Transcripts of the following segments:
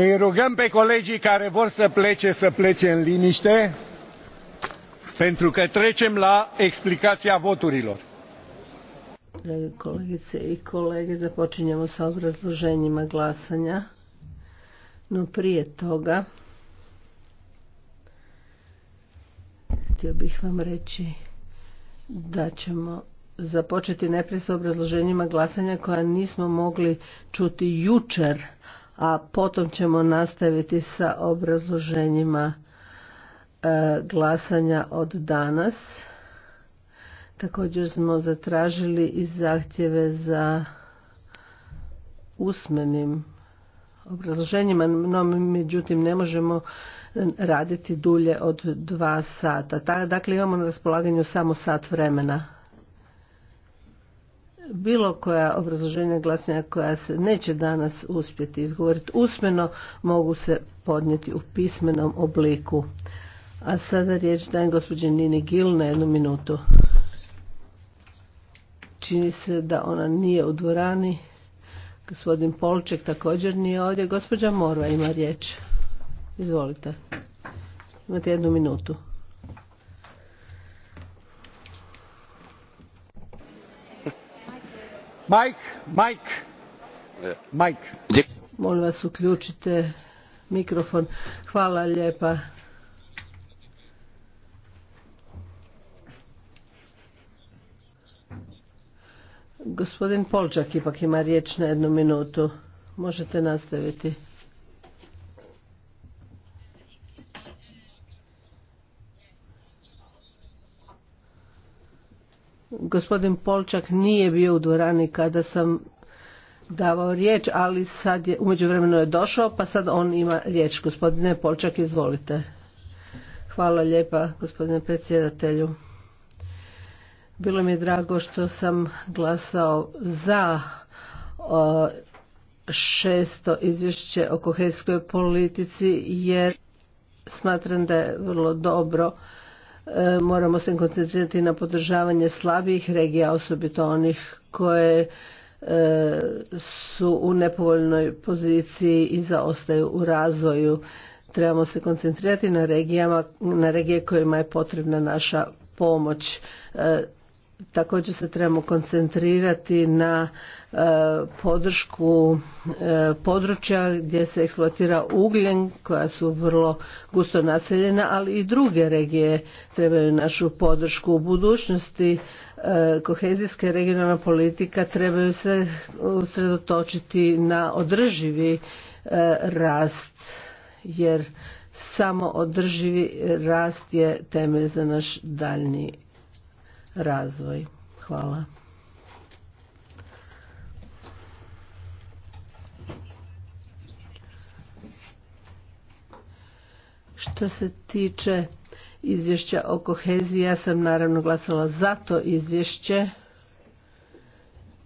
Îi rugăm pe colegii care vor să plece să plece în liniște, pentru că trecem la explicația voturilor. Dragi kolegice i kolege, započinjemo sa obrazloženjima glasanja. No prije toga, htio bih vam reći da ćemo započeti najprije sa obrazloženjima glasanja koja nismo mogli čuti jučer, a potom ćemo nastaviti sa obrazloženjima e, glasanja od danas. Također smo zatražili i zahtjeve za usmenim obrazloženjima, no međutim ne možemo raditi dulje od dva sata. Dakle, imamo na raspolaganju samo sat vremena bilo koja obrazloženja glasanja koja se neće danas uspjeti izgovoriti usmeno mogu se podnijeti u pismenom obliku. A sada riječ dajem gospođe Nini Gil na jednu minutu. Čini se da ona nije u dvorani. Gospodin Polček također nije ovdje. Gospođa Morva ima riječ. Izvolite. Imate jednu minutu. Mike, Mike, Molim vas uključite mikrofon. Hvala lijepa. Gospodin Polčak ipak ima riječ na jednu minutu. Možete nastaviti. gospodin Polčak nije bio u dvorani kada sam davao riječ, ali sad je, umeđu vremenu je došao, pa sad on ima riječ. Gospodine Polčak, izvolite. Hvala lijepa, gospodine predsjedatelju. Bilo mi je drago što sam glasao za šesto izvješće o kohezijskoj politici, jer smatram da je vrlo dobro E, moramo se koncentrirati na podržavanje slabijih regija, osobito onih koje e, su u nepovoljnoj poziciji i zaostaju u razvoju. Trebamo se koncentrirati na, regijama, na regije kojima je potrebna naša pomoć. E, također se trebamo koncentrirati na e, podršku e, područja gdje se eksploatira ugljen koja su vrlo gusto naseljena ali i druge regije trebaju našu podršku u budućnosti e, kohezijska regionalna politika trebaju se usredotočiti na održivi rast jer samo održivi rast je temelj za naš daljnji razvoj. Hvala. Što se tiče izvješća o koheziji, ja sam naravno glasala za to izvješće.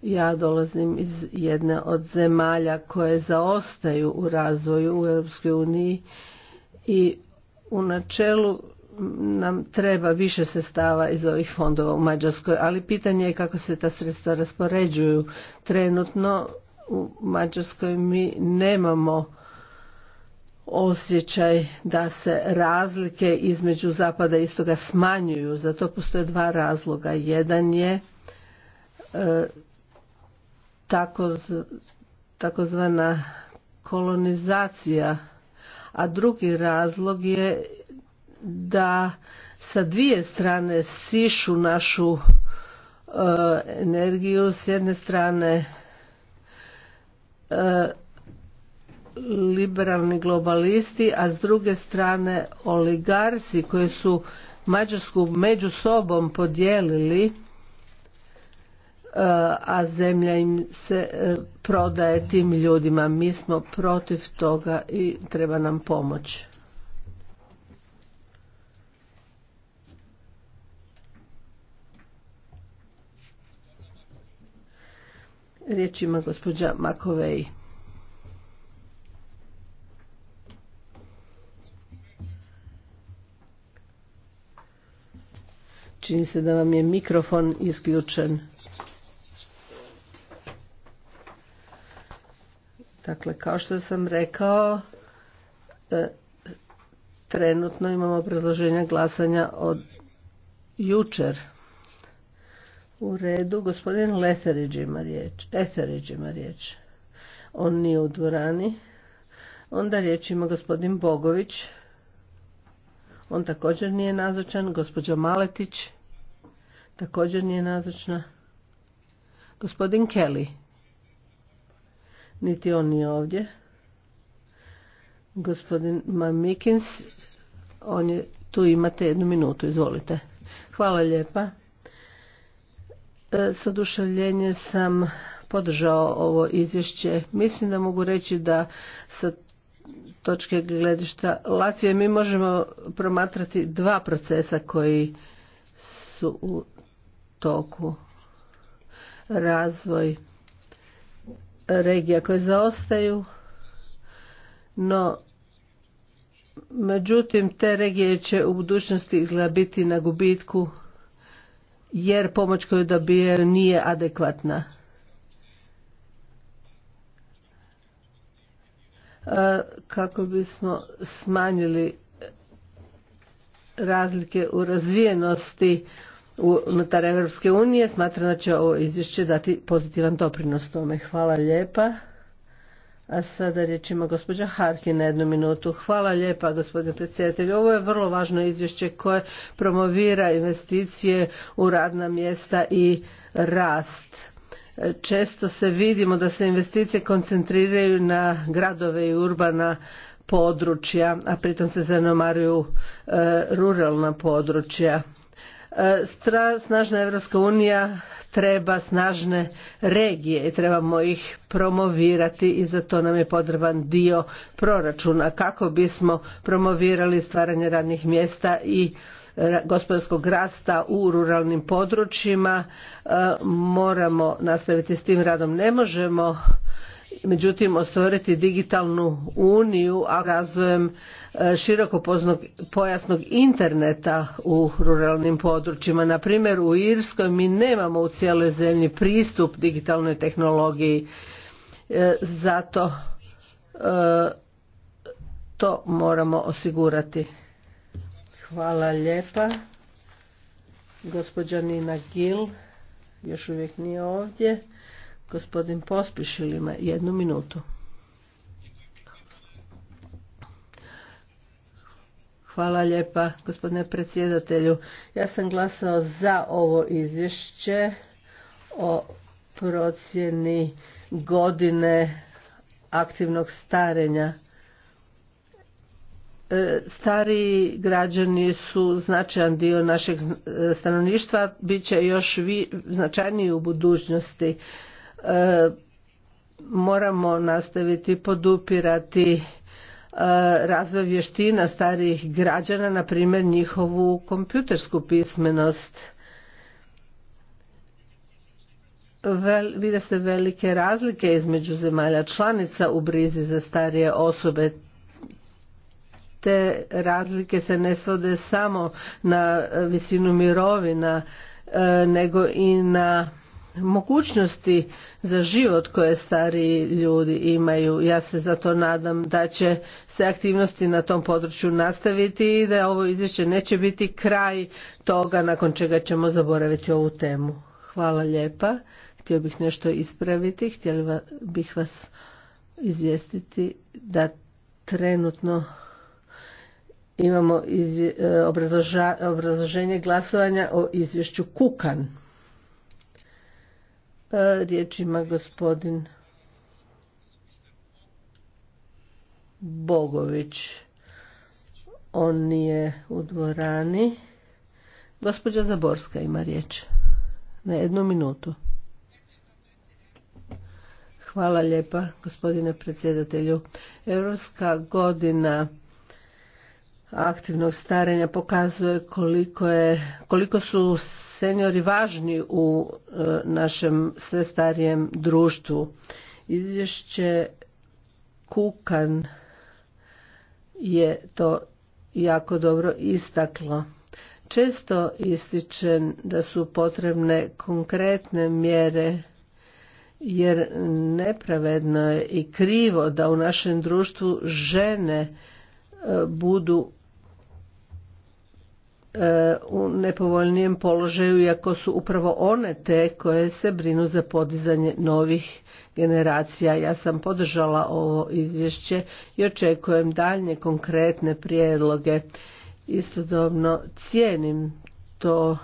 Ja dolazim iz jedne od zemalja koje zaostaju u razvoju u EU i u načelu nam treba više sestava iz ovih fondova u Mađarskoj, ali pitanje je kako se ta sredstva raspoređuju. Trenutno u Mađarskoj mi nemamo osjećaj da se razlike između zapada i istoga smanjuju. Zato postoje dva razloga. Jedan je e, takozvana kolonizacija, a drugi razlog je da sa dvije strane sišu našu e, energiju s jedne strane e, liberalni globalisti a s druge strane oligarci koji su Mađarsku među sobom podijelili e, a zemlja im se prodaje tim ljudima. Mi smo protiv toga i treba nam pomoći. Riječ ima gospođa Makovej. Čini se da vam je mikrofon isključen. Dakle, kao što sam rekao, e, trenutno imamo obrazloženja glasanja od jučer. U redu, gospodin Leserić ima riječ. Eserić ima riječ. On nije u dvorani. Onda riječ ima gospodin Bogović. On također nije nazočan. Gospođa Maletić također nije nazočna. Gospodin Kelly. Niti on nije ovdje. Gospodin Mamikins, on je, tu imate jednu minutu, izvolite. Hvala lijepa. E, s oduševljenjem sam podržao ovo izvješće. Mislim da mogu reći da sa točke gledišta Latvije mi možemo promatrati dva procesa koji su u toku. Razvoj regija koje zaostaju, no međutim te regije će u budućnosti izgleda biti na gubitku jer pomoć koju dobijaju nije adekvatna. E, kako bismo smanjili razlike u razvijenosti unutar Europske unije, smatram da će ovo izvješće dati pozitivan doprinos tome. Hvala lijepa. A sada riječ ima gospođa Harkin na jednu minutu. Hvala lijepa gospodine predsjedatelju. Ovo je vrlo važno izvješće koje promovira investicije u radna mjesta i rast. Često se vidimo da se investicije koncentriraju na gradove i urbana područja, a pritom se zanemaruju e, ruralna područja. E, snažna Evropska unija treba snažne regije i trebamo ih promovirati i za to nam je potreban dio proračuna kako bismo promovirali stvaranje radnih mjesta i e, gospodarskog rasta u ruralnim područjima e, moramo nastaviti s tim radom ne možemo međutim ostvoriti digitalnu uniju a razvojem e, široko pojasnog interneta u ruralnim područjima. Na primjer u Irskoj mi nemamo u cijeloj zemlji pristup digitalnoj tehnologiji e, zato e, to moramo osigurati. Hvala lijepa. Gospođa Nina Gil još uvijek nije ovdje. Gospodin Pospišil ima jednu minutu. Hvala lijepa gospodine predsjedatelju. Ja sam glasao za ovo izvješće o procjeni godine aktivnog starenja. E, stari građani su značajan dio našeg e, stanovništva, bit će još značajniji u budućnosti. E, moramo nastaviti podupirati e, razvoj vještina starijih građana, na primjer njihovu kompjutersku pismenost. Vel, vide se velike razlike između zemalja članica u brizi za starije osobe. Te razlike se ne svode samo na visinu mirovina, e, nego i na mogućnosti za život koje stariji ljudi imaju. Ja se zato nadam da će se aktivnosti na tom području nastaviti i da ovo izvješće neće biti kraj toga nakon čega ćemo zaboraviti ovu temu. Hvala lijepa. Htio bih nešto ispraviti. Htjeli bih vas izvijestiti da trenutno imamo e, obrazloženje glasovanja o izvješću Kukan. E, riječ ima gospodin Bogović. On nije u dvorani. Gospođa Zaborska ima riječ. Na jednu minutu. Hvala lijepa gospodine predsjedatelju. Europska godina aktivnog starenja pokazuje koliko, je, koliko su seniori važni u e, našem sve starijem društvu. Izvješće Kukan je to jako dobro istaklo. Često ističem da su potrebne konkretne mjere jer nepravedno je i krivo da u našem društvu žene E, budu e, u nepovoljnijem položaju iako su upravo one te koje se brinu za podizanje novih generacija. Ja sam podržala ovo izvješće i očekujem daljnje konkretne prijedloge. Istodobno cijenim to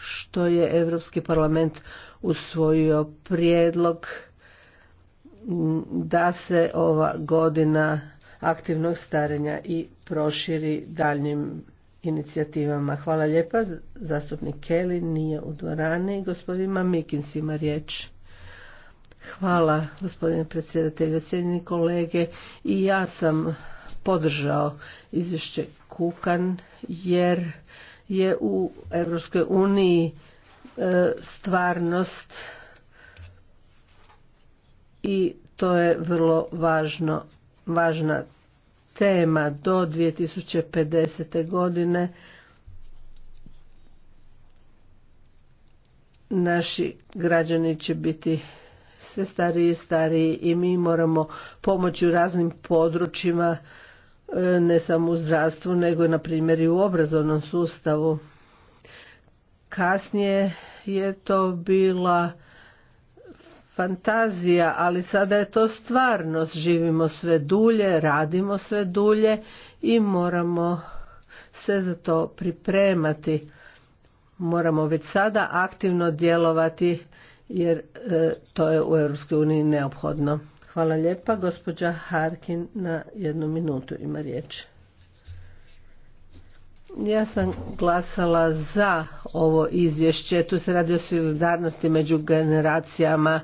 što je Europski parlament usvojio prijedlog da se ova godina aktivnog starenja i proširi daljnim inicijativama. Hvala lijepa. Zastupnik Kelly nije u dvorani. Gospodin Mamikins ima riječ. Hvala gospodine predsjedatelju, cijenjeni kolege. I ja sam podržao izvješće Kukan jer je u Europskoj uniji e, stvarnost i to je vrlo važno važna tema do 2050. godine naši građani će biti sve stariji i stariji i mi moramo pomoći u raznim područjima e, ne samo u zdravstvu nego na primjer i u obrazovnom sustavu kasnije je to bila fantazija, ali sada je to stvarnost. Živimo sve dulje, radimo sve dulje i moramo se za to pripremati. Moramo već sada aktivno djelovati jer e, to je u EU neophodno. Hvala lijepa. Gospođa Harkin na jednu minutu ima riječ. Ja sam glasala za ovo izvješće. Tu se radi o solidarnosti među generacijama.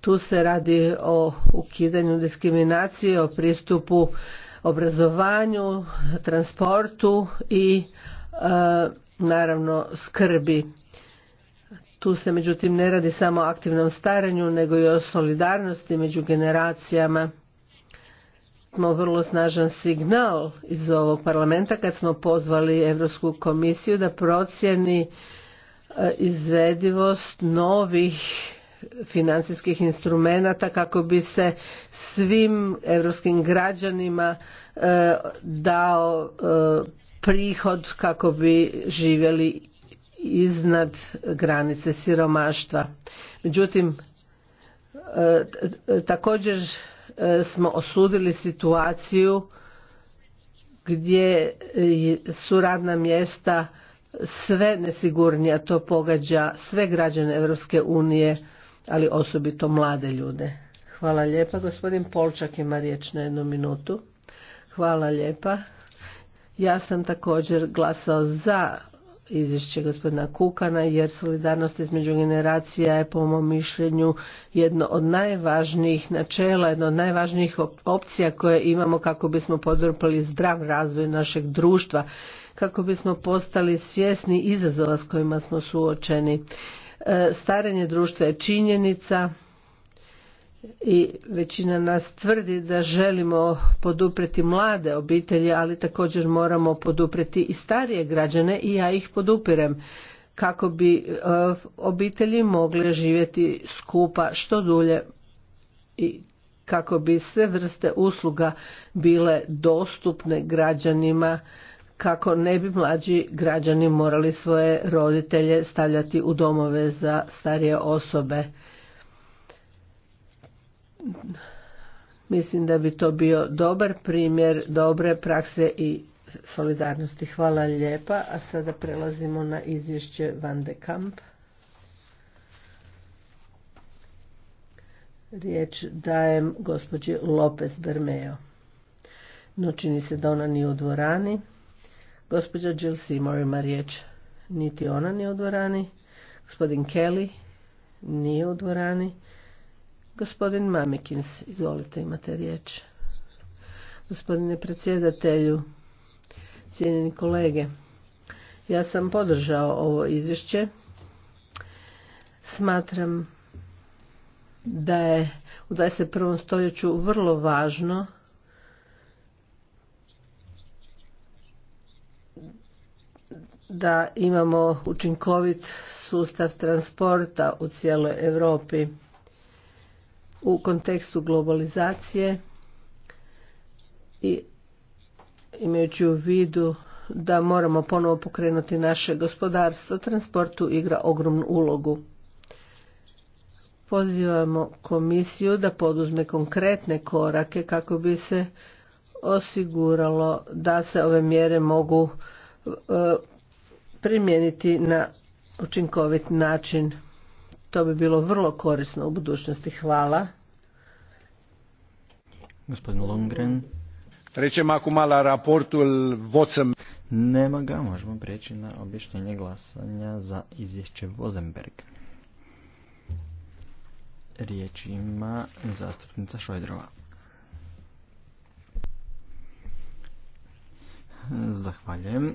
Tu se radi o ukidanju diskriminacije, o pristupu obrazovanju, transportu i e, naravno skrbi. Tu se međutim ne radi samo o aktivnom staranju, nego i o solidarnosti među generacijama smo vrlo snažan signal iz ovog parlamenta kad smo pozvali Europsku komisiju da procjeni e, izvedivost novih financijskih instrumenata kako bi se svim europskim građanima e, dao e, prihod kako bi živjeli iznad granice siromaštva. Međutim, također E, smo osudili situaciju gdje su radna mjesta sve nesigurnija, to pogađa sve građane Europske unije, ali osobito mlade ljude. Hvala lijepa, gospodin Polčak ima riječ na jednu minutu. Hvala lijepa. Ja sam također glasao za izvješće gospodina Kukana jer solidarnost između generacija je po mom mišljenju jedno od najvažnijih načela, jedno od najvažnijih opcija koje imamo kako bismo podrpali zdrav razvoj našeg društva, kako bismo postali svjesni izazova s kojima smo suočeni. E, starenje društva je činjenica, i većina nas tvrdi da želimo poduprijeti mlade obitelji, ali također moramo poduprijeti i starije građane i ja ih podupirem kako bi e, obitelji mogle živjeti skupa što dulje i kako bi sve vrste usluga bile dostupne građanima kako ne bi mlađi građani morali svoje roditelje stavljati u domove za starije osobe Mislim da bi to bio dobar primjer dobre prakse i solidarnosti. Hvala lijepa. A sada prelazimo na izvješće Van de Kamp. Riječ dajem gospođi Lopez Bermeo. No čini se da ona nije u dvorani. Gospođa Jill Seymour ima riječ. Niti ona nije u dvorani. Gospodin Kelly nije u dvorani. Gospodin Mamikins, izvolite, imate riječ. Gospodine predsjedatelju, cijenjeni kolege, ja sam podržao ovo izvješće. Smatram da je u 21. stoljeću vrlo važno da imamo učinkovit sustav transporta u cijeloj Europi u kontekstu globalizacije i imajući u vidu da moramo ponovo pokrenuti naše gospodarstvo, transportu igra ogromnu ulogu. Pozivamo komisiju da poduzme konkretne korake kako bi se osiguralo da se ove mjere mogu e, primijeniti na učinkovit način. To bi bilo vrlo korisno u budućnosti. Hvala. Gospodin Longren. Trećem mala raportul Vocem. Nema ga, možemo prijeći na objašnjenje glasanja za izvješće Vozenberg. Riječ ima zastupnica Šojdrova. Zahvaljujem.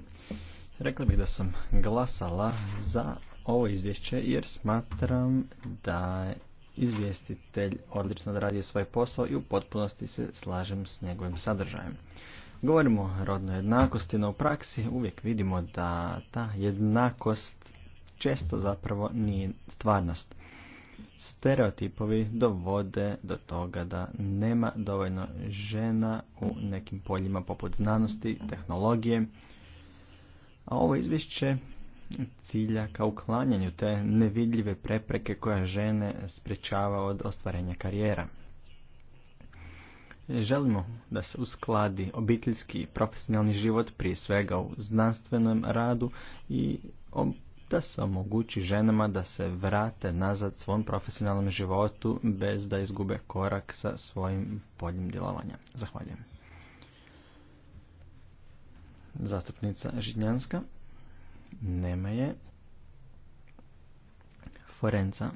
Rekla bih da sam glasala za ovo izvješće jer smatram da izvjestitelj odlično radi svoj posao i u potpunosti se slažem s njegovim sadržajem. Govorimo o rodnoj jednakosti, no u praksi uvijek vidimo da ta jednakost često zapravo nije stvarnost. Stereotipovi dovode do toga da nema dovoljno žena u nekim poljima poput znanosti, tehnologije, a ovo izvješće cilja ka uklanjanju te nevidljive prepreke koja žene sprečava od ostvarenja karijera. Želimo da se uskladi obiteljski i profesionalni život prije svega u znanstvenom radu i da se omogući ženama da se vrate nazad svom profesionalnom životu bez da izgube korak sa svojim poljim djelovanja. Zahvaljujem. Zastupnica žinjanska nema je. Forenca.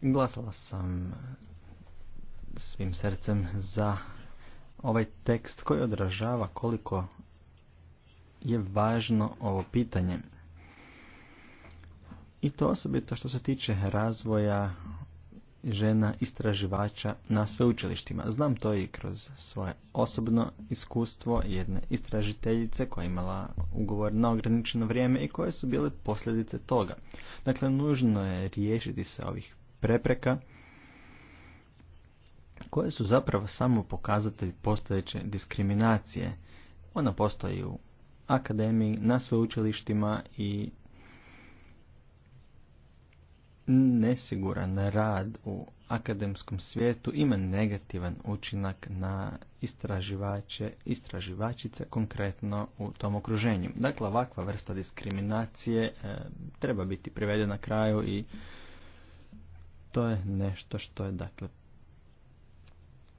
Glasala sam svim srcem za ovaj tekst koji odražava koliko je važno ovo pitanje. I to osobito što se tiče razvoja žena istraživača na sveučilištima. Znam to i kroz svoje osobno iskustvo jedne istražiteljice koja je imala ugovor na ograničeno vrijeme i koje su bile posljedice toga. Dakle, nužno je riješiti se ovih prepreka koje su zapravo samo pokazatelj postojeće diskriminacije. Ona postoji u akademiji, na sveučilištima i nesiguran rad u akademskom svijetu ima negativan učinak na istraživače, istraživačice konkretno u tom okruženju. Dakle, ovakva vrsta diskriminacije e, treba biti privedena kraju i to je nešto što je dakle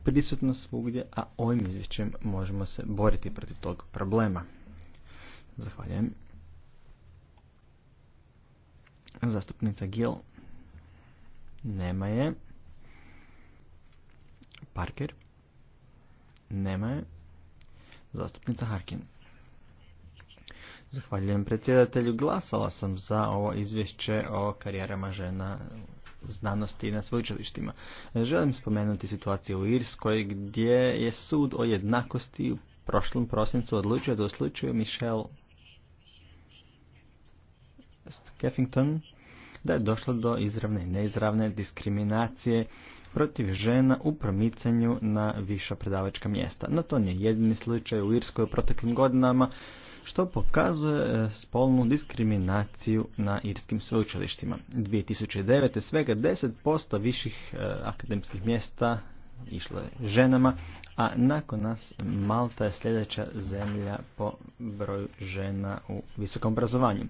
prisutno svugdje, a ovim izvješćem možemo se boriti protiv tog problema. Zahvaljujem. Zastupnica Gil. Nema je. Parker. Nema je. Zastupnica Harkin. Zahvaljujem predsjedatelju. Glasala sam za ovo izvješće o karijerama žena znanosti na sveučilištima. Želim spomenuti situaciju u Irskoj gdje je sud o jednakosti u prošlom prosincu odlučio da u slučaju Michelle Skeffington da je došlo do izravne i neizravne diskriminacije protiv žena u promicanju na viša predavačka mjesta. No to nije jedini slučaj u Irskoj u proteklim godinama što pokazuje e, spolnu diskriminaciju na irskim sveučilištima. 2009. svega 10% viših e, akademskih mjesta išlo je ženama, a nakon nas Malta je sljedeća zemlja po broju žena u visokom obrazovanju.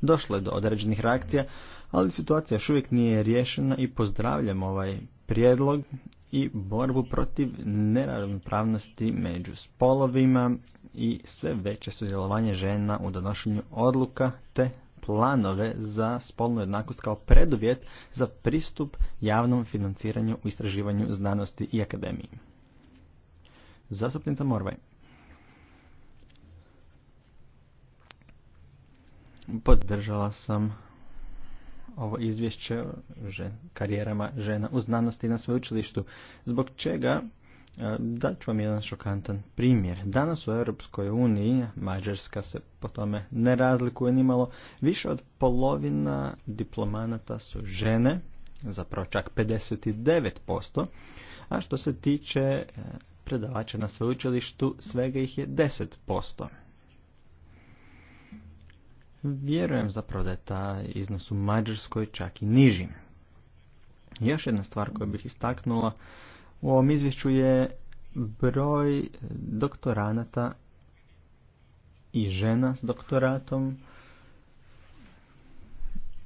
Došlo je do određenih reakcija, ali situacija još uvijek nije riješena i pozdravljam ovaj prijedlog i borbu protiv neravnopravnosti među spolovima i sve veće sudjelovanje žena u donošenju odluka te planove za spolnu jednakost kao preduvjet za pristup javnom financiranju u istraživanju znanosti i akademiji. Zastupnica Morvaj. Podržala sam ovo izvješće o žen, karijerama žena u znanosti na sveučilištu, zbog čega e, dat ću vam jedan šokantan primjer. Danas u Europskoj uniji, Mađarska se po tome ne razlikuje ni malo, više od polovina diplomanata su žene, zapravo čak 59%, a što se tiče e, predavača na sveučilištu, svega ih je 10%. Vjerujem zapravo da je ta iznos u Mađarskoj čak i niži. Još jedna stvar koju bih istaknula u ovom izvješću je broj doktoranata i žena s doktoratom.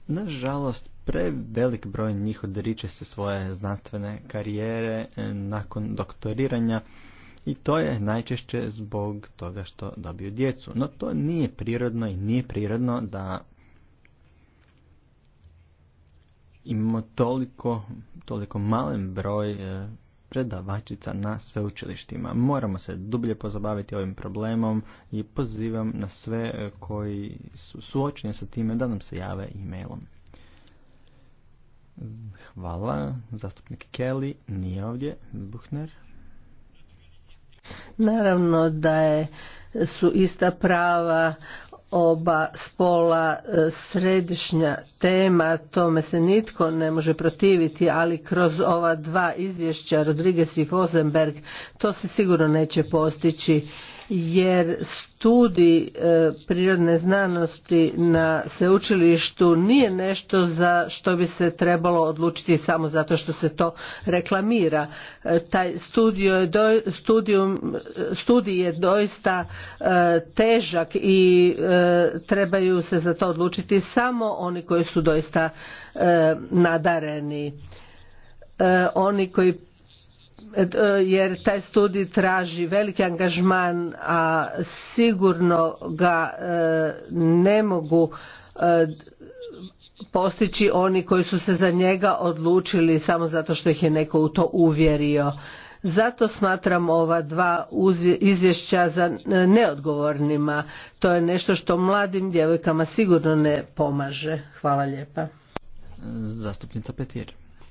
Nažalost, prevelik broj njih odriče se svoje znanstvene karijere nakon doktoriranja i to je najčešće zbog toga što dobiju djecu. No to nije prirodno i nije prirodno da imamo toliko, toliko malen broj e, predavačica na sveučilištima. Moramo se dublje pozabaviti ovim problemom i pozivam na sve e, koji su suočeni sa time da nam se jave e-mailom. Hvala. Zastupnik Kelly nije ovdje. Buhner. Naravno da je, su ista prava oba spola e, središnja tema, tome se nitko ne može protiviti, ali kroz ova dva izvješća Rodriguez i Fosenberg to se sigurno neće postići jer studij e, prirodne znanosti na sveučilištu nije nešto za što bi se trebalo odlučiti samo zato što se to reklamira. E, taj studij je doista e, težak i trebaju se za to odlučiti samo oni koji su doista nadareni. Oni koji jer taj studij traži veliki angažman, a sigurno ga e, ne mogu e, postići oni koji su se za njega odlučili samo zato što ih je neko u to uvjerio. Zato smatram ova dva izvješća za e, neodgovornima. To je nešto što mladim djevojkama sigurno ne pomaže. Hvala lijepa. Zastupnica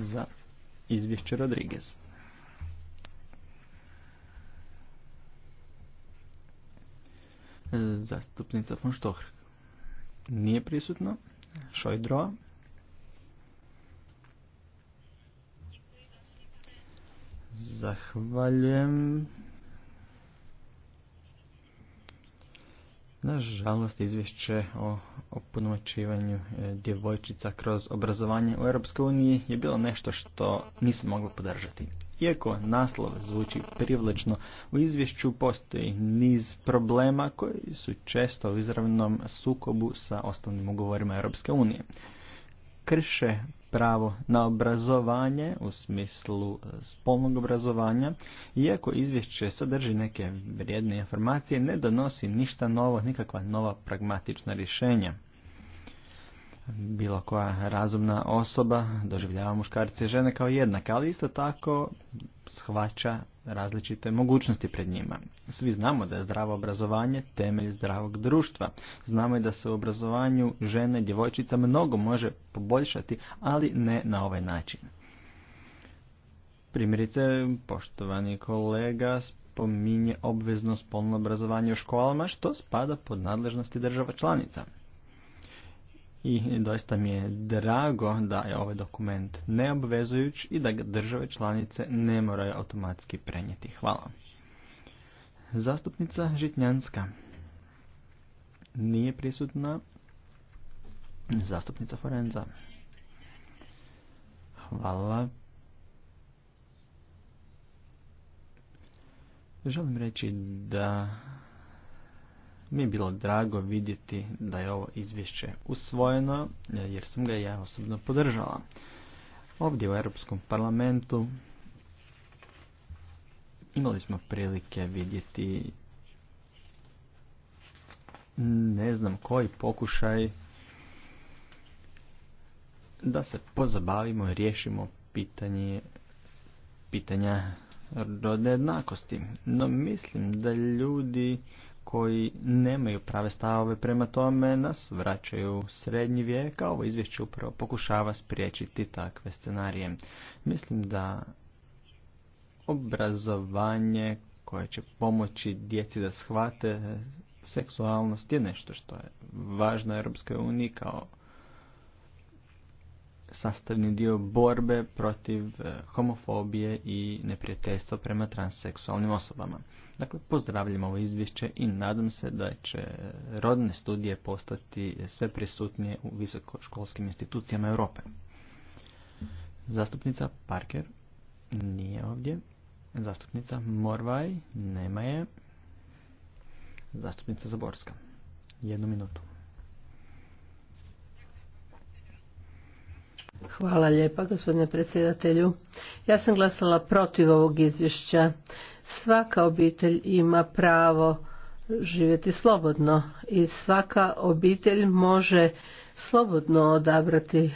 za izvješće Rodriguez. Zastupnica von Stohr Nije prisutno. Šojdro. Zahvaljujem. Nažalost, izvješće o opunomoćivanju e, djevojčica kroz obrazovanje u EU je bilo nešto što nisam mogla podržati. Iako naslov zvuči privlečno, u izvješću postoji niz problema koji su često u izravnom sukobu sa osnovnim ugovorima Europske unije. Krše pravo na obrazovanje u smislu e, spolnog obrazovanja, iako izvješće sadrži neke vrijedne informacije, ne donosi ništa novo, nikakva nova pragmatična rješenja bilo koja razumna osoba doživljava muškarce i žene kao jednake, ali isto tako shvaća različite mogućnosti pred njima. Svi znamo da je zdravo obrazovanje temelj zdravog društva. Znamo i da se u obrazovanju žene i djevojčica mnogo može poboljšati, ali ne na ovaj način. Primjerice, poštovani kolega spominje obvezno spolno obrazovanje u školama, što spada pod nadležnosti država članica i doista mi je drago da je ovaj dokument neobvezujuć i da ga države članice ne moraju automatski prenijeti. Hvala. Zastupnica Žitnjanska nije prisutna. Zastupnica Forenza. Hvala. Želim reći da mi je bilo drago vidjeti da je ovo izvješće usvojeno jer sam ga ja osobno podržala. Ovdje u Europskom parlamentu imali smo prilike vidjeti ne znam koji pokušaj da se pozabavimo i riješimo pitanje pitanja rodne jednakosti. No mislim da ljudi koji nemaju prave stavove prema tome nas vraćaju u srednji vijek, a ovo izvješće upravo pokušava spriječiti takve scenarije. Mislim da obrazovanje koje će pomoći djeci da shvate seksualnost je nešto što je važno Europskoj uniji kao sastavni dio borbe protiv e, homofobije i neprijateljstva prema transseksualnim osobama. Dakle, pozdravljam ovo izvješće i nadam se da će rodne studije postati sve prisutnije u visokoškolskim institucijama Europe. Zastupnica Parker nije ovdje. Zastupnica Morvaj nema je. Zastupnica Zaborska. Jednu minutu. Hvala lijepa gospodine predsjedatelju. Ja sam glasala protiv ovog izvješća. Svaka obitelj ima pravo živjeti slobodno i svaka obitelj može slobodno odabrati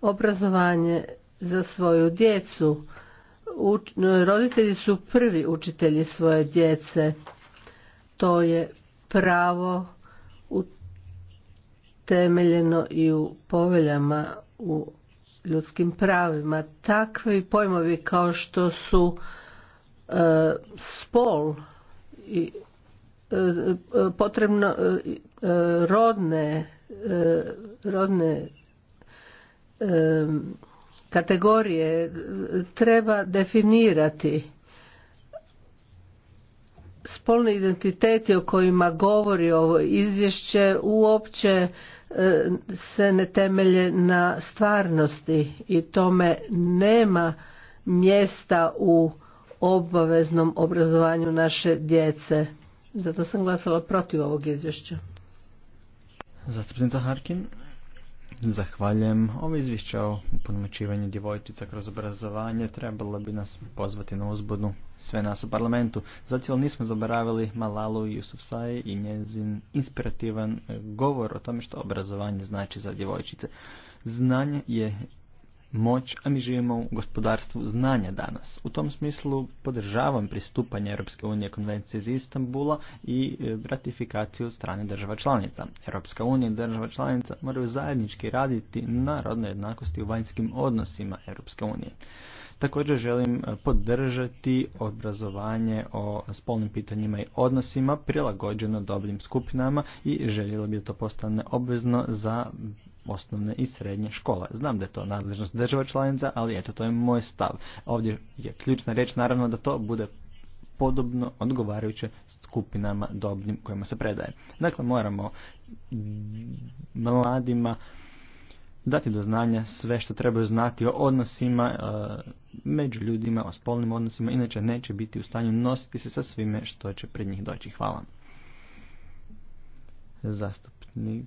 obrazovanje za svoju djecu. roditelji su prvi učitelji svoje djece. To je pravo utemeljeno i u poveljama u ljudskim pravima. Takvi pojmovi kao što su e, spol i e, e, potrebno rodne rodne kategorije treba definirati spolni identiteti o kojima govori ovo izvješće uopće E, se ne temelje na stvarnosti i tome nema mjesta u obaveznom obrazovanju naše djece. Zato sam glasala protiv ovog izvješća. Zastupnica Harkin. Zahvaljujem. Ovo izvješće o uponomoćivanju djevojčica kroz obrazovanje trebalo bi nas pozvati na uzbudnu sve nas u parlamentu. Zatim nismo zaboravili Malalu Jusufsaj i njezin inspirativan govor o tome što obrazovanje znači za djevojčice. Znanje je moć, a mi živimo u gospodarstvu znanja danas. U tom smislu podržavam pristupanje Europske unije konvencije iz Istambula i e, ratifikaciju od strane država članica. Europska unija i država članica moraju zajednički raditi na rodnoj jednakosti u vanjskim odnosima Europske unije. Također želim e, podržati obrazovanje o spolnim pitanjima i odnosima prilagođeno dobrim skupinama i željelo bi da to postane obvezno za osnovne i srednje škole. Znam da je to nadležnost država članica, ali eto, to je moj stav. Ovdje je ključna reč, naravno, da to bude podobno odgovarajuće skupinama dobnim kojima se predaje. Dakle, moramo mladima dati do znanja sve što trebaju znati o odnosima e, među ljudima, o spolnim odnosima, inače neće biti u stanju nositi se sa svime što će pred njih doći. Hvala. Zastupnik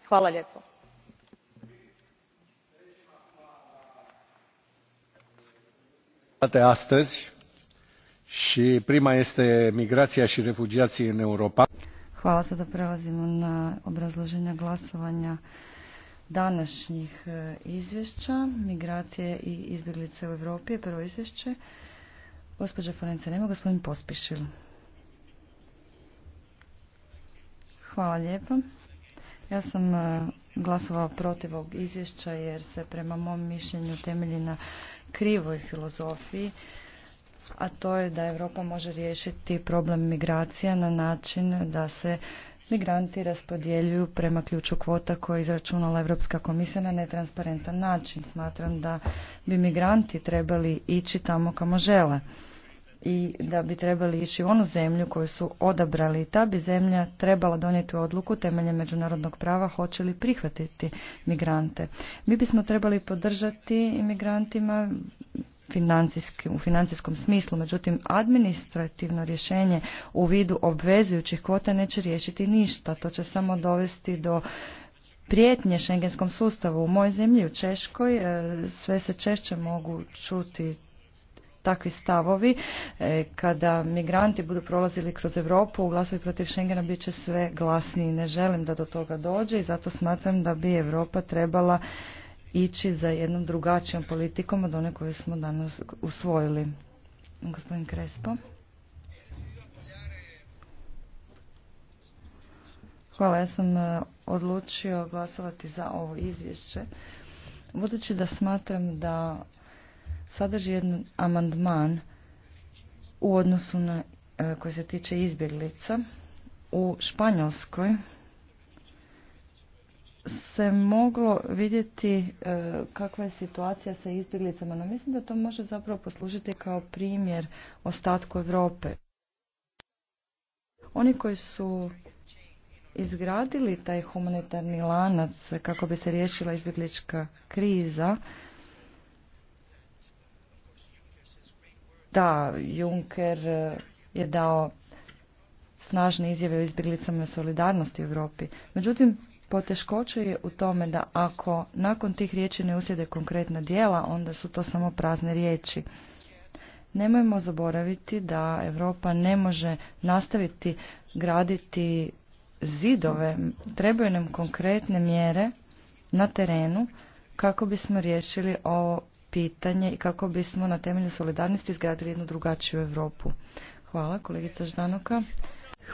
hvala lijepo. dezbatea astăzi și prima este migrația și refugiații în Europa. Hvala, sada prelazimo na obrazloženje glasovanja današnjih e, izvješća. Migracije i izbjeglice u Europi je prvo izvješće. Gospođa Forenca nema, gospodin Pospišil. Hvala lijepa. Ja sam e, glasovao protiv ovog izvješća jer se prema mom mišljenju temelji na krivoj filozofiji, a to je da Europa može riješiti problem migracija na način da se migranti raspodjeljuju prema ključu kvota koje je izračunala Europska komisija na netransparentan način. Smatram da bi migranti trebali ići tamo kamo žele i da bi trebali ići u onu zemlju koju su odabrali. Ta bi zemlja trebala donijeti odluku temeljem međunarodnog prava hoće li prihvatiti migrante. Mi bismo trebali podržati imigrantima u financijskom smislu, međutim administrativno rješenje u vidu obvezujućih kvota neće riješiti ništa. To će samo dovesti do prijetnje šengenskom sustavu. U mojoj zemlji, u Češkoj, e, sve se češće mogu čuti takvi stavovi e, kada migranti budu prolazili kroz Europu, glasovi protiv Schengena bit će sve glasniji. Ne želim da do toga dođe i zato smatram da bi Europa trebala ići za jednom drugačijom politikom od one koju smo danas usvojili. Gospodin Krespo. Hvala, ja sam e, odlučio glasovati za ovo izvješće. Budući da smatram da sadrži jedan amandman u odnosu na e, koji se tiče izbjeglica. U Španjolskoj se moglo vidjeti e, kakva je situacija sa izbjeglicama, no mislim da to može zapravo poslužiti kao primjer ostatku Europe. Oni koji su izgradili taj humanitarni lanac kako bi se riješila izbjeglička kriza Da, Juncker e, je dao snažne izjave o izbjeglicama solidarnosti u Europi. Međutim, poteškoće je u tome da ako nakon tih riječi ne uslijede konkretna djela, onda su to samo prazne riječi. Nemojmo zaboraviti da Europa ne može nastaviti graditi zidove. Trebaju nam konkretne mjere na terenu kako bismo riješili o pitanje i kako bismo na temelju solidarnosti izgradili jednu drugačiju Europu. Hvala, kolegica Ždanoka.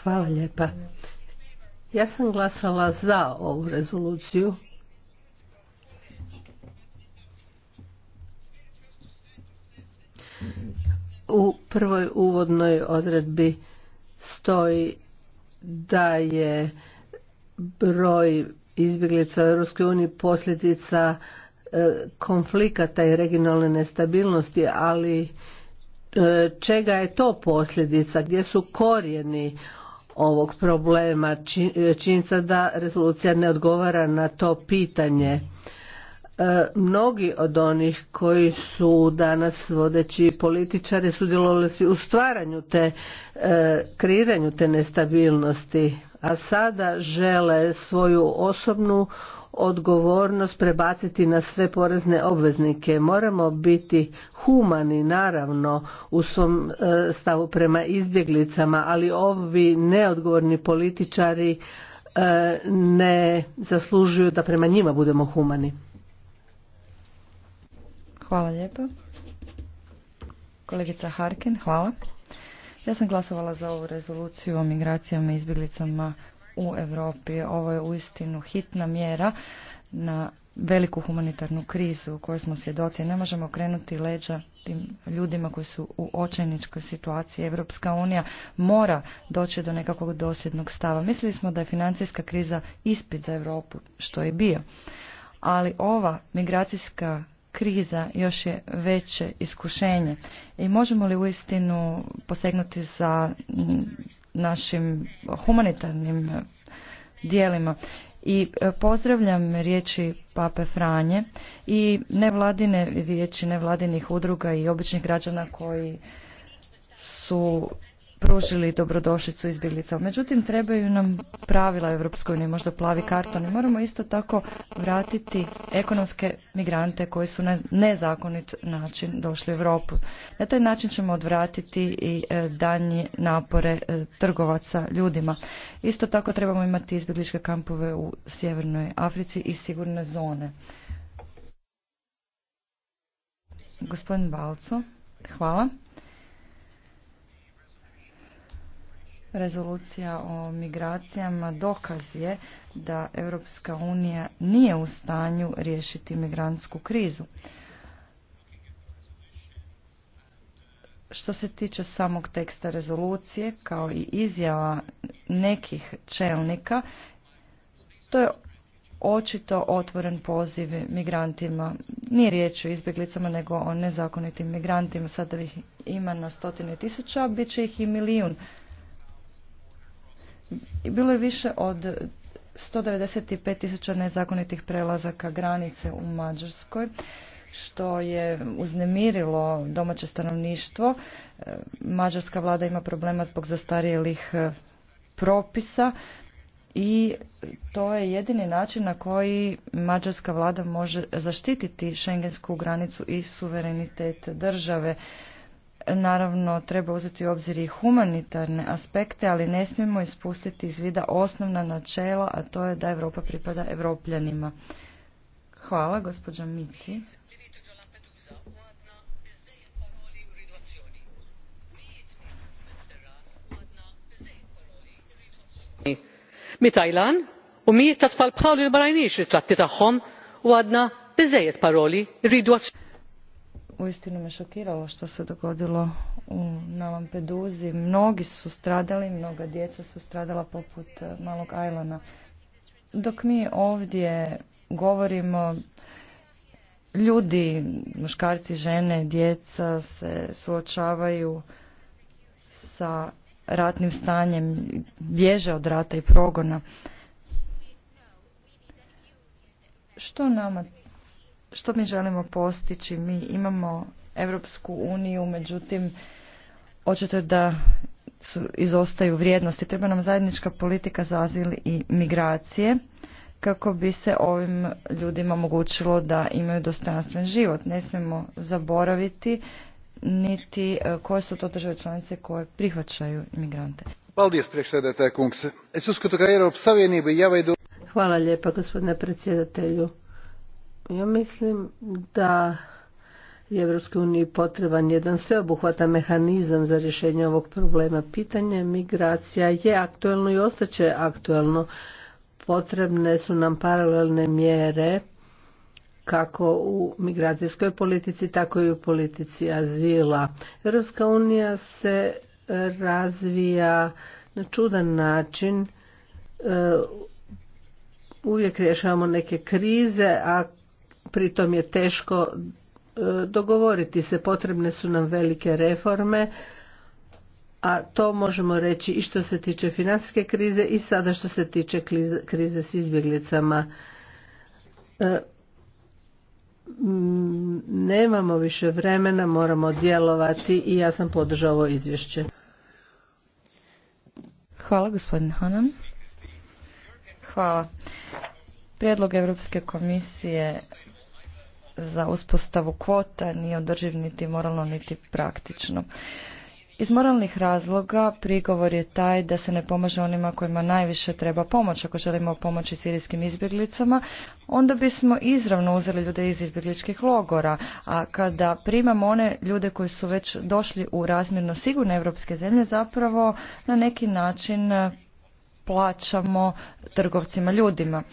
Hvala lijepa. Ja sam glasala za ovu rezoluciju. U prvoj uvodnoj odredbi stoji da je broj izbjeglica u EU posljedica E, konflikata i regionalne nestabilnosti, ali e, čega je to posljedica, gdje su korijeni ovog problema, e, činjenica da rezolucija ne odgovara na to pitanje. Mnogi od onih koji su danas vodeći političari sudjelovali su u stvaranju te, kreiranju te nestabilnosti, a sada žele svoju osobnu odgovornost prebaciti na sve porezne obveznike. Moramo biti humani naravno u svom e, stavu prema izbjeglicama, ali ovi neodgovorni političari e, ne zaslužuju da prema njima budemo humani. Hvala lijepo. Kolegica Harkin, hvala. Ja sam glasovala za ovu rezoluciju o migracijama i izbjeglicama u Europi. Ovo je uistinu hitna mjera na veliku humanitarnu krizu u kojoj smo svjedoci. Ne možemo krenuti leđa tim ljudima koji su u očajničkoj situaciji. Evropska unija mora doći do nekakvog dosljednog stava. Mislili smo da je financijska kriza ispit za Europu, što je bio. Ali ova migracijska kriza još je veće iskušenje. I možemo li uistinu posegnuti za našim humanitarnim e, dijelima. I e, pozdravljam riječi Pape Franje i nevladine riječi nevladinih udruga i običnih građana koji su pružili dobrodošlicu izbjeglica. Međutim, trebaju nam pravila Europskoj uniji, možda plavi karton. I moramo isto tako vratiti ekonomske migrante koji su na nezakonit način došli u Europu. Na taj način ćemo odvratiti i e, danji napore e, trgovaca ljudima. Isto tako trebamo imati izbjegličke kampove u Sjevernoj Africi i sigurne zone. Gospodin Balco, hvala. Rezolucija o migracijama dokaz je da Europska unija nije u stanju riješiti migrantsku krizu. Što se tiče samog teksta rezolucije, kao i izjava nekih čelnika, to je očito otvoren poziv migrantima. Nije riječ o izbjeglicama, nego o nezakonitim migrantima. Sada ih ima na stotine tisuća, bit će ih i milijun bilo je više od 195 tisuća nezakonitih prelazaka granice u Mađarskoj što je uznemirilo domaće stanovništvo. E, mađarska vlada ima problema zbog zastarijelih e, propisa i to je jedini način na koji mađarska vlada može zaštititi šengensku granicu i suverenitet države. Naravno, treba uzeti u obzir i humanitarne aspekte, ali ne smijemo ispustiti iz vida osnovna načela, a to je da Europa pripada evropljanima. Hvala, gospođa Mici. mi tajlan u mi ta' tfal bħalu li hom, rajniex u adna paroli rridu uistinu me šokiralo što se dogodilo u, na Lampeduzi. Mnogi su stradali, mnoga djeca su stradala poput e, malog Ajlana. Dok mi ovdje govorimo, ljudi, muškarci, žene, djeca se suočavaju sa ratnim stanjem, bježe od rata i progona. Što nama što mi želimo postići? Mi imamo Europsku uniju, međutim, očito je da su, izostaju vrijednosti. Treba nam zajednička politika za azil i migracije kako bi se ovim ljudima omogućilo da imaju dostojanstven život. Ne smijemo zaboraviti niti e, koje su to države članice koje prihvaćaju imigrante. Hvala lijepa gospodine predsjedatelju. Ja mislim da je Evropskoj uniji potreban jedan sveobuhvatan mehanizam za rješenje ovog problema. Pitanje migracija je aktuelno i ostaće aktuelno. Potrebne su nam paralelne mjere kako u migracijskoj politici, tako i u politici azila. Europska unija se e, razvija na čudan način. E, uvijek rješavamo neke krize, a pritom je teško e, dogovoriti se, potrebne su nam velike reforme, a to možemo reći i što se tiče financijske krize i sada što se tiče krize s izbjeglicama. E, nemamo više vremena, moramo djelovati i ja sam podržao ovo izvješće. Hvala gospodin Hanan. Hvala. Prijedlog Europske komisije za uspostavu kvota nije održiv niti moralno niti praktično. Iz moralnih razloga prigovor je taj da se ne pomaže onima kojima najviše treba pomoć. Ako želimo pomoći sirijskim izbjeglicama, onda bismo izravno uzeli ljude iz izbjegličkih logora. A kada primamo one ljude koji su već došli u razmjerno sigurne evropske zemlje, zapravo na neki način plaćamo trgovcima ljudima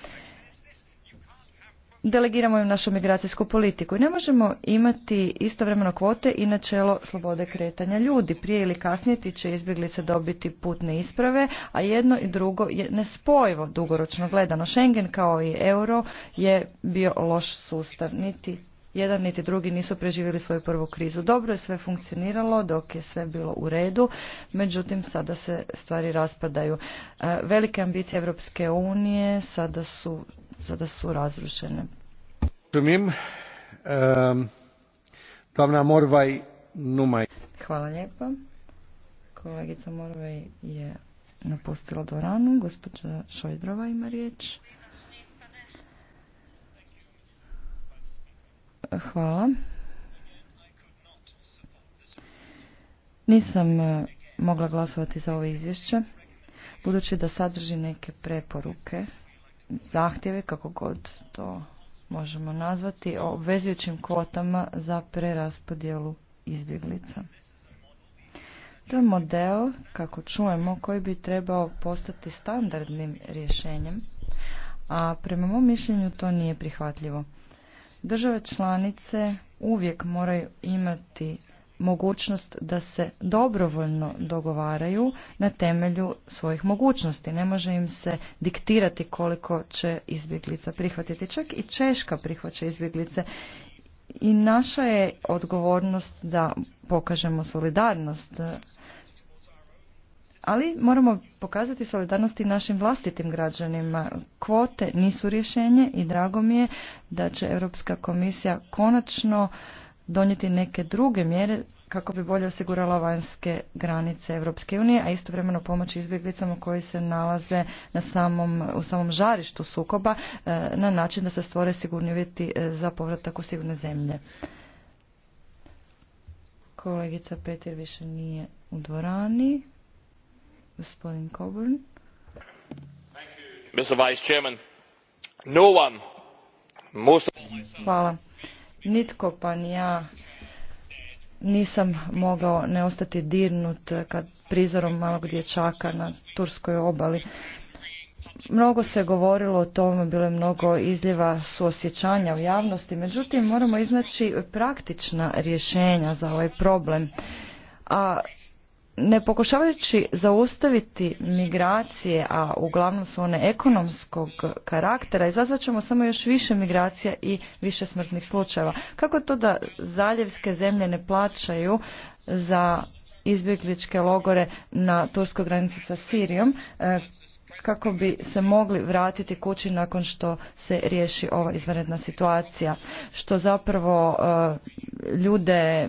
delegiramo im našu migracijsku politiku. ne možemo imati istovremeno kvote i načelo slobode kretanja ljudi. Prije ili kasnije ti će izbjeglice dobiti putne isprave, a jedno i drugo je nespojivo dugoročno gledano. Schengen kao i euro je bio loš sustav. Niti jedan niti drugi nisu preživjeli svoju prvu krizu. Dobro je sve funkcioniralo dok je sve bilo u redu, međutim sada se stvari raspadaju. E, velike ambicije Europske unije sada su sada su razrušene. Hvala lijepa. Kolegica Morvaj je napustila dvoranu. Gospođa Šojdrova ima riječ. Hvala. Nisam e, mogla glasovati za ovo izvješće, budući da sadrži neke preporuke zahtjeve, kako god to možemo nazvati, o obvezujućim kvotama za preraspodjelu izbjeglica. To je model, kako čujemo, koji bi trebao postati standardnim rješenjem, a prema mom mišljenju to nije prihvatljivo. Države članice uvijek moraju imati mogućnost da se dobrovoljno dogovaraju na temelju svojih mogućnosti. Ne može im se diktirati koliko će izbjeglica prihvatiti. Čak i Češka prihvaća izbjeglice. I naša je odgovornost da pokažemo solidarnost. Ali moramo pokazati solidarnost i našim vlastitim građanima. Kvote nisu rješenje i drago mi je da će Europska komisija konačno donijeti neke druge mjere kako bi bolje osigurala vanjske granice Europske unije, a istovremeno pomoći izbjeglicama koji se nalaze na samom, u samom žarištu sukoba e, na način da se stvore sigurni uvjeti e, za povratak u sigurne zemlje. Kolegica Petir više nije u dvorani. Gospodin Coburn. Hvala nitko pa ni ja nisam mogao ne ostati dirnut kad prizorom malog dječaka na turskoj obali. Mnogo se govorilo o tome, bilo je mnogo izljeva suosjećanja u javnosti, međutim moramo iznaći praktična rješenja za ovaj problem. A ne pokušavajući zaustaviti migracije, a uglavnom su one ekonomskog karaktera, izazvat ćemo samo još više migracija i više smrtnih slučajeva. Kako to da zaljevske zemlje ne plaćaju za izbjegličke logore na turskoj granici sa Sirijom, e, kako bi se mogli vratiti kući nakon što se riješi ova izvanredna situacija, što zapravo e, ljude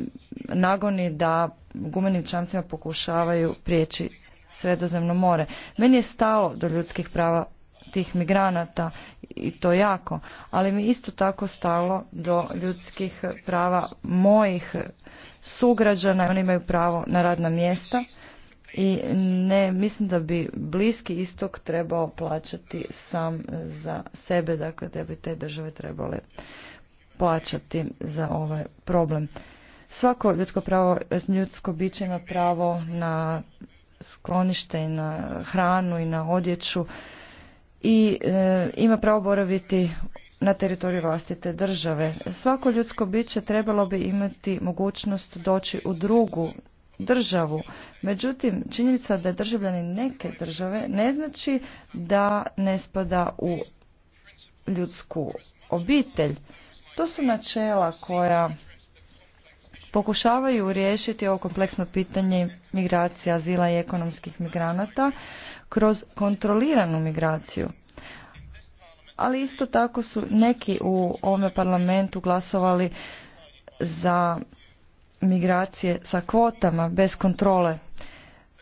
nagoni da gumenim čamcima pokušavaju prijeći Sredozemno more. Meni je stalo do ljudskih prava tih migranata i to jako, ali mi isto tako stalo do ljudskih prava mojih sugrađana, oni imaju pravo na radna mjesta i ne mislim da bi bliski istok trebao plaćati sam e, za sebe, dakle da bi te države trebale plaćati za ovaj problem. Svako ljudsko pravo, ljudsko biće ima pravo na sklonište i na hranu i na odjeću i e, ima pravo boraviti na teritoriju vlastite države. Svako ljudsko biće trebalo bi imati mogućnost doći u drugu državu. Međutim, činjenica da je državljanin neke države ne znači da ne spada u ljudsku obitelj. To su načela koja pokušavaju riješiti ovo kompleksno pitanje migracija, azila i ekonomskih migranata kroz kontroliranu migraciju. Ali isto tako su neki u ovome parlamentu glasovali za migracije sa kvotama bez kontrole.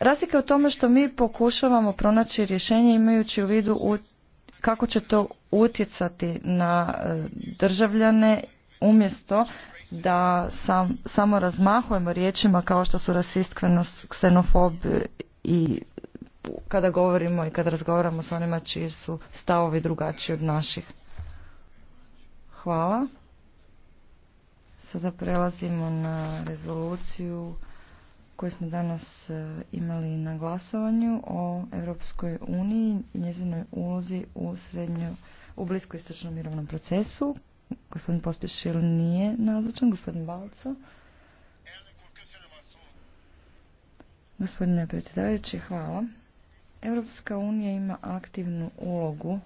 Razlika je u tome što mi pokušavamo pronaći rješenje imajući u vidu kako će to utjecati na e, državljane umjesto da sam, samo razmahujemo riječima kao što su rasistkvenost, ksenofob i kada govorimo i kada razgovaramo s onima čiji su stavovi drugačiji od naših. Hvala. Sada prelazimo na rezoluciju koju smo danas e, imali na glasovanju o Europskoj uniji i njezinoj ulozi u srednjo, u bliskoistočnom mirovnom procesu. Gospodin Pospješil nije nazočan, gospodin Balco. Gospodine predsjedavajući, hvala. Europska unija ima aktivnu ulogu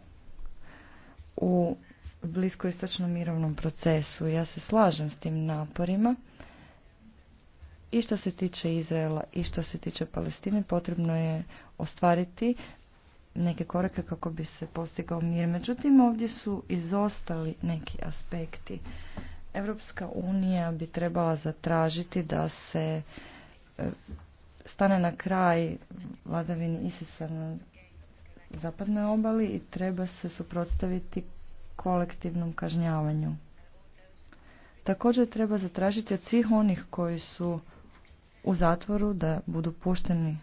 u bliskoistočnom mirovnom procesu. Ja se slažem s tim naporima. I što se tiče Izraela i što se tiče Palestine potrebno je ostvariti neke korake kako bi se postigao mir. Međutim, ovdje su izostali neki aspekti. Europska unija bi trebala zatražiti da se e, stane na kraj vladavini Isisa na zapadnoj obali i treba se suprotstaviti kolektivnom kažnjavanju. Također treba zatražiti od svih onih koji su u zatvoru da budu pušteni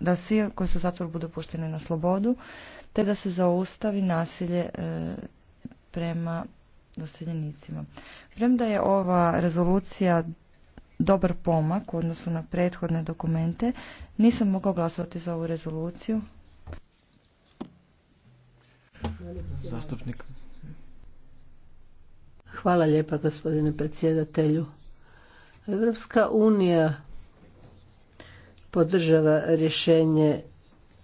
da svi koji su u zatvoru budu pušteni na slobodu, te da se zaustavi nasilje e, prema doseljenicima. Premda je ova rezolucija dobar pomak u odnosu na prethodne dokumente, nisam mogao glasovati za ovu rezoluciju. Zastupnik Hvala lijepa gospodine predsjedatelju. Evropska unija podržava rješenje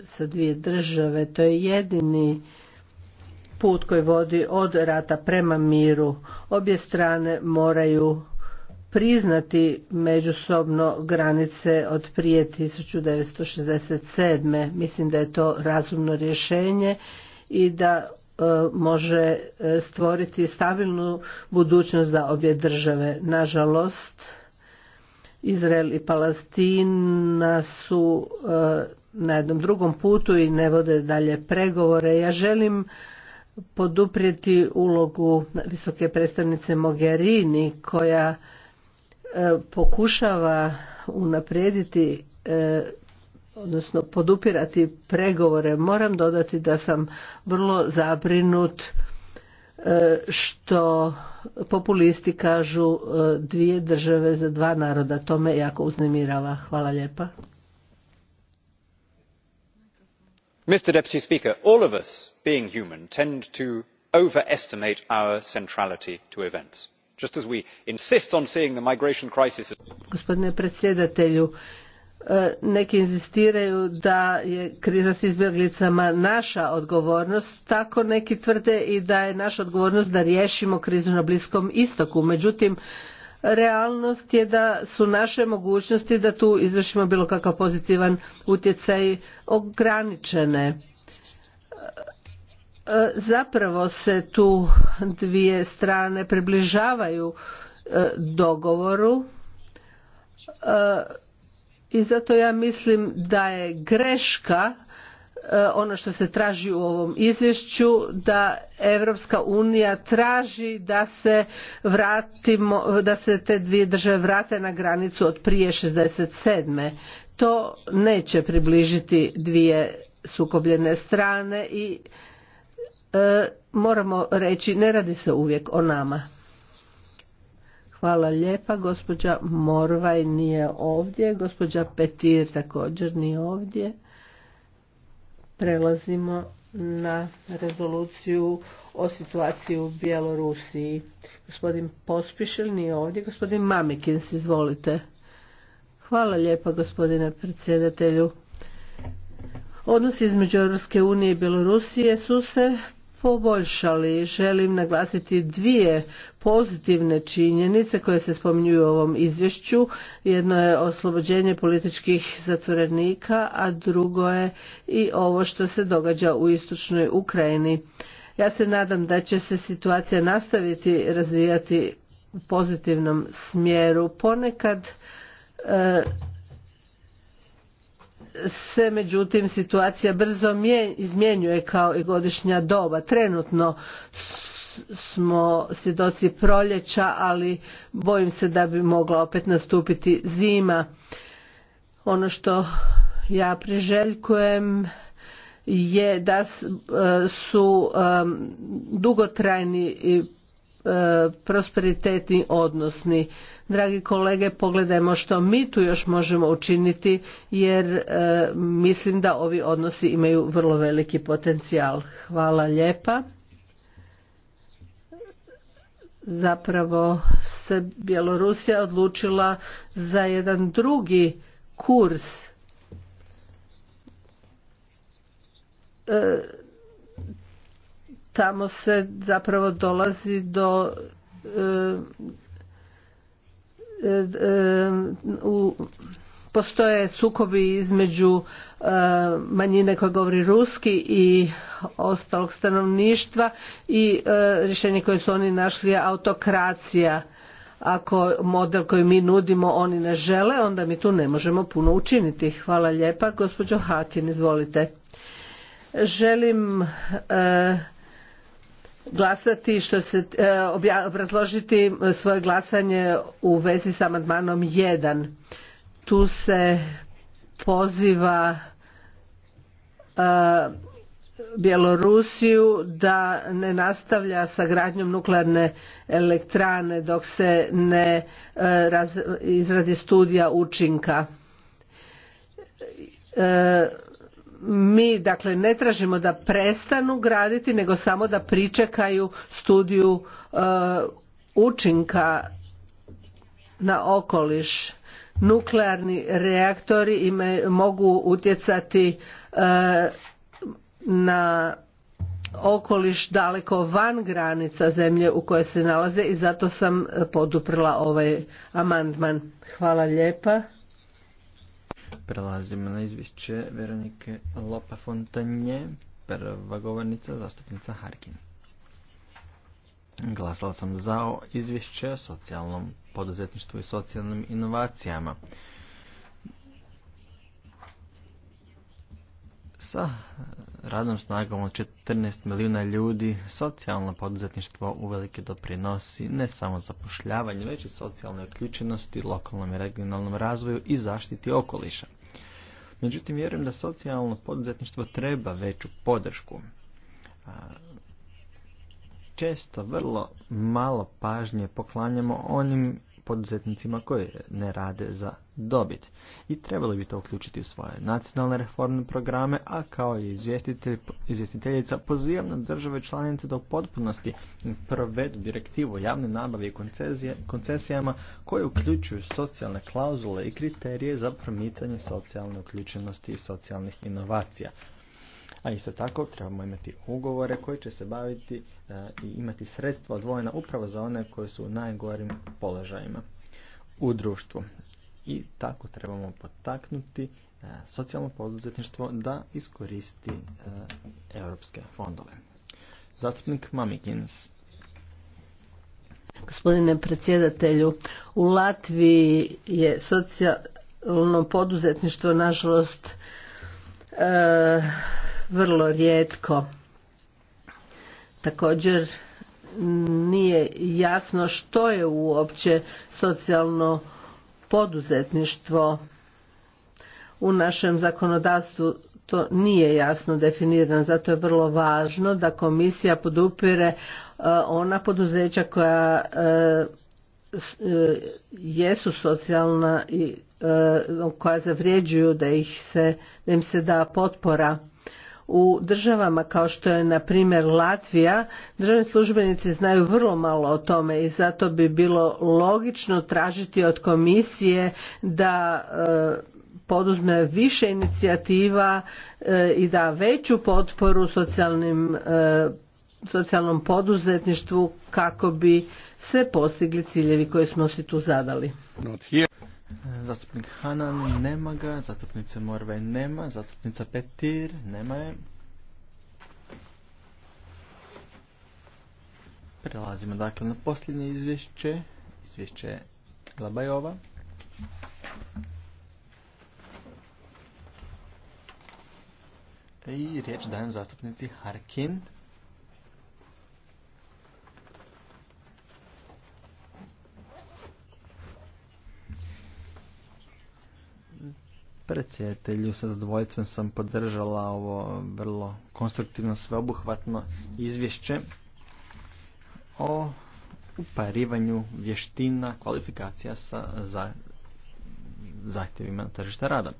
sa dvije države. To je jedini put koji vodi od rata prema miru. Obje strane moraju priznati međusobno granice od prije 1967. Mislim da je to razumno rješenje i da E, može e, stvoriti stabilnu budućnost za obje države. Nažalost, Izrael i Palestina su e, na jednom drugom putu i ne vode dalje pregovore. Ja želim poduprijeti ulogu visoke predstavnice Mogherini koja pokušava unaprijediti odnosno podupirati pregovore. Moram dodati da sam vrlo zabrinut e, što populisti kažu e, dvije države za dva naroda. To me jako uznemirava. Hvala lijepa. Mr. Deputy Speaker, all of us being human tend to overestimate our centrality to events. Just as we insist on seeing the migration crisis... Gospodine predsjedatelju, E, neki inzistiraju da je kriza s izbjeglicama naša odgovornost, tako neki tvrde i da je naša odgovornost da riješimo krizu na Bliskom istoku. Međutim, realnost je da su naše mogućnosti da tu izvršimo bilo kakav pozitivan utjecaj ograničene. E, zapravo se tu dvije strane približavaju e, dogovoru i zato ja mislim da je greška e, ono što se traži u ovom izvješću da Europska unija traži da se vratimo da se te dvije države vrate na granicu od prije 67. To neće približiti dvije sukobljene strane i e, moramo reći ne radi se uvijek o nama. Hvala lijepa. Gospođa Morvaj nije ovdje. Gospođa Petir također nije ovdje. Prelazimo na rezoluciju o situaciji u Bjelorusiji. Gospodin Pospišil nije ovdje. Gospodin Mamikins, izvolite. Hvala lijepa gospodine predsjedatelju. Odnosi između Europske unije i Bjelorusije su se poboljšali. Želim naglasiti dvije pozitivne činjenice koje se spominju u ovom izvješću. Jedno je oslobođenje političkih zatvorenika, a drugo je i ovo što se događa u istočnoj Ukrajini. Ja se nadam da će se situacija nastaviti razvijati u pozitivnom smjeru. Ponekad e, se međutim situacija brzo izmjenjuje kao i godišnja doba. Trenutno smo svjedoci proljeća, ali bojim se da bi mogla opet nastupiti zima. Ono što ja priželjkujem je da e, su e, dugotrajni E, prosperitetni odnosni. Dragi kolege, pogledajmo što mi tu još možemo učiniti jer e, mislim da ovi odnosi imaju vrlo veliki potencijal. Hvala lijepa. Zapravo se Bjelorusija odlučila za jedan drugi kurs e, tamo se zapravo dolazi do e, e, e, u postoje sukobi između manjine koja govori ruski i ostalog stanovništva i rješenje koje su oni našli je autokracija ako model koji mi nudimo oni ne žele onda mi tu ne možemo puno učiniti hvala lijepa gospođo Hakin izvolite želim glasati što se e, obrazložiti svoje glasanje u vezi s amandmanom 1 tu se poziva e, Bjelorusiju da ne nastavlja sa gradnjom nuklearne elektrane dok se ne e, izradi studija učinka mi dakle ne tražimo da prestanu graditi nego samo da pričekaju studiju e, učinka na okoliš nuklearni reaktori mogu utjecati e, na okoliš daleko van granica zemlje u kojoj se nalaze i zato sam poduprla ovaj amandman hvala lijepa Prelazimo na izvješće Veronike Lopa Fontanje, prva govornica, zastupnica Harkin. Glasala sam za izvješće o socijalnom poduzetništvu i socijalnim inovacijama. Sa radnom snagom od 14 milijuna ljudi socijalno poduzetništvo uvelike doprinosi ne samo zapošljavanju, već i socijalnoj uključenosti, lokalnom i regionalnom razvoju i zaštiti okoliša. Međutim, vjerujem da socijalno poduzetništvo treba veću podršku. Često vrlo malo pažnje poklanjamo onim poduzetnicima koji ne rade za dobit. I trebali bi to uključiti u svoje nacionalne reformne programe, a kao i izvjestiteljica pozivam na države članice da u potpunosti provedu direktivu o javnoj nabavi i koncesijama koje uključuju socijalne klauzule i kriterije za promicanje socijalne uključenosti i socijalnih inovacija. A isto tako trebamo imati ugovore koji će se baviti e, i imati sredstva odvojena upravo za one koji su u najgorim položajima u društvu. I tako trebamo potaknuti e, socijalno poduzetništvo da iskoristi e, europske fondove. Zastupnik Mamikins. Gospodine predsjedatelju, u Latviji je socijalno poduzetništvo nažalost vrlo rijetko. Također nije jasno što je uopće socijalno poduzetništvo u našem zakonodavstvu to nije jasno definirano zato je vrlo važno da komisija podupire e, ona poduzeća koja e, e, jesu socijalna i koja zavrijeđuju da ih se da im se da potpora u državama kao što je na primjer Latvija, državni službenici znaju vrlo malo o tome i zato bi bilo logično tražiti od komisije da e, poduzme više inicijativa e, i da veću potporu socijalnim, e, socijalnom poduzetništvu kako bi se postigli ciljevi koje smo si tu zadali. Zastupnik Hanan nema ga, Zastupnica Morve nema, zastupnica Petir nema je. Prelazimo dakle na posljednje izvješće, izvješće Glabajova. I riječ dajem zastupnici Harkin. predsjedatelju. Sa zadovoljstvom sam podržala ovo vrlo konstruktivno sveobuhvatno izvješće o uparivanju vještina kvalifikacija sa za, zahtjevima tržišta rada.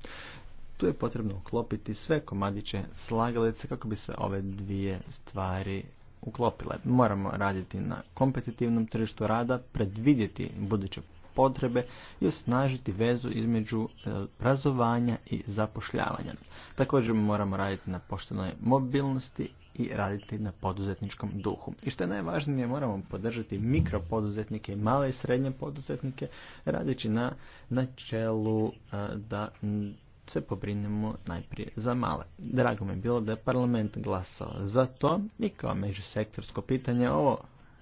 Tu je potrebno uklopiti sve komadiće slagalice kako bi se ove dvije stvari uklopile. Moramo raditi na kompetitivnom tržištu rada, predvidjeti buduće potrebe i osnažiti vezu između e, obrazovanja i zapošljavanja. Također moramo raditi na poštenoj mobilnosti i raditi na poduzetničkom duhu. I što je najvažnije, moramo podržati mikropoduzetnike i male i srednje poduzetnike radeći na načelu e, da se pobrinemo najprije za male. Drago mi je bilo da je parlament glasao za to i kao međusektorsko pitanje ovo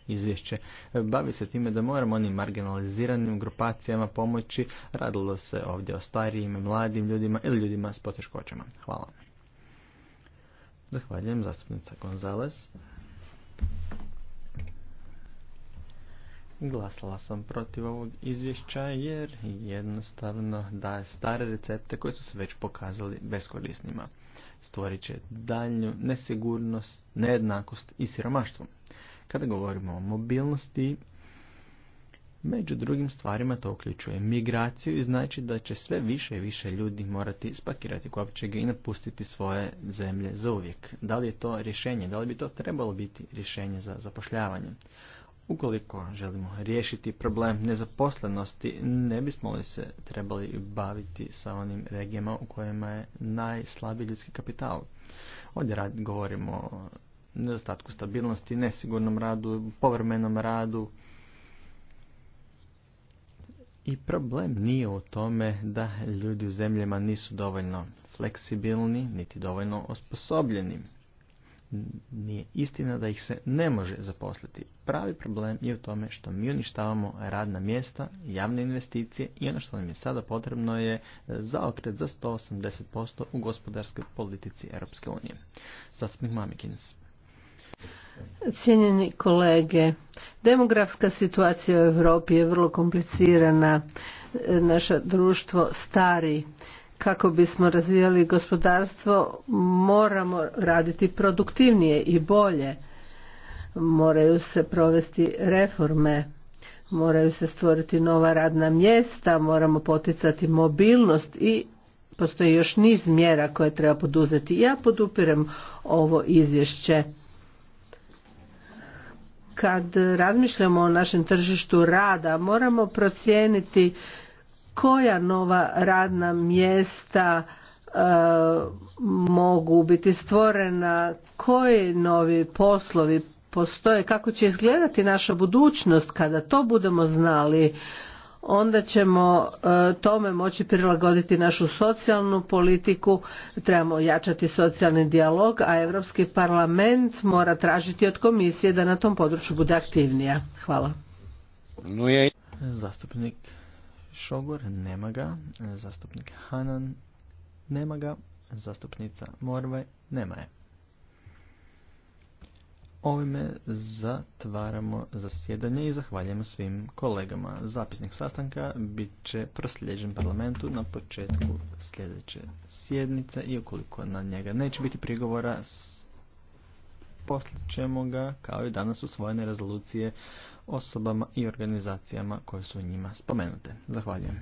izvješće e, bavi se time da moramo onim marginaliziranim grupacijama pomoći. Radilo se ovdje o starijim, mladim ljudima ili ljudima s poteškoćama. Hvala. Zahvaljujem zastupnica Gonzales. Glasala sam protiv ovog izvješća jer jednostavno daje stare recepte koje su se već pokazali beskorisnima. Stvorit će daljnju nesigurnost, nejednakost i siromaštvo kada govorimo o mobilnosti. Među drugim stvarima to uključuje migraciju i znači da će sve više i više ljudi morati spakirati kovčege i napustiti svoje zemlje za uvijek. Da li je to rješenje? Da li bi to trebalo biti rješenje za zapošljavanje? Ukoliko želimo riješiti problem nezaposlenosti, ne bismo li se trebali baviti sa onim regijama u kojima je najslabiji ljudski kapital? Ovdje govorimo o nedostatku stabilnosti, nesigurnom radu, povremenom radu. I problem nije u tome da ljudi u zemljama nisu dovoljno fleksibilni, niti dovoljno osposobljeni. Nije istina da ih se ne može zaposliti. Pravi problem je u tome što mi uništavamo radna mjesta, javne investicije i ono što nam je sada potrebno je zaokret za 180% u gospodarskoj politici Europske unije. Zastupnik Mamikins. Cijenjeni kolege, demografska situacija u Europi je vrlo komplicirana. Naše društvo stari. Kako bismo razvijali gospodarstvo, moramo raditi produktivnije i bolje. Moraju se provesti reforme, moraju se stvoriti nova radna mjesta, moramo poticati mobilnost i postoji još niz mjera koje treba poduzeti. Ja podupirem ovo izvješće kad razmišljamo o našem tržištu rada moramo procijeniti koja nova radna mjesta e, mogu biti stvorena, koji novi poslovi postoje, kako će izgledati naša budućnost kada to budemo znali onda ćemo e, tome moći prilagoditi našu socijalnu politiku, trebamo jačati socijalni dijalog, a Europski parlament mora tražiti od komisije da na tom području bude aktivnija. Hvala. Zastupnik Šogor, nema ga. Zastupnik Hanan, nema ga. Zastupnica Morve nema je. Ovime zatvaramo zasjedanje i zahvaljujemo svim kolegama. Zapisnik sastanka bit će proslijeđen parlamentu na početku sljedeće sjednice i ukoliko na njega neće biti prigovora, poslat ćemo ga kao i danas usvojene rezolucije osobama i organizacijama koje su njima spomenute. Zahvaljujem.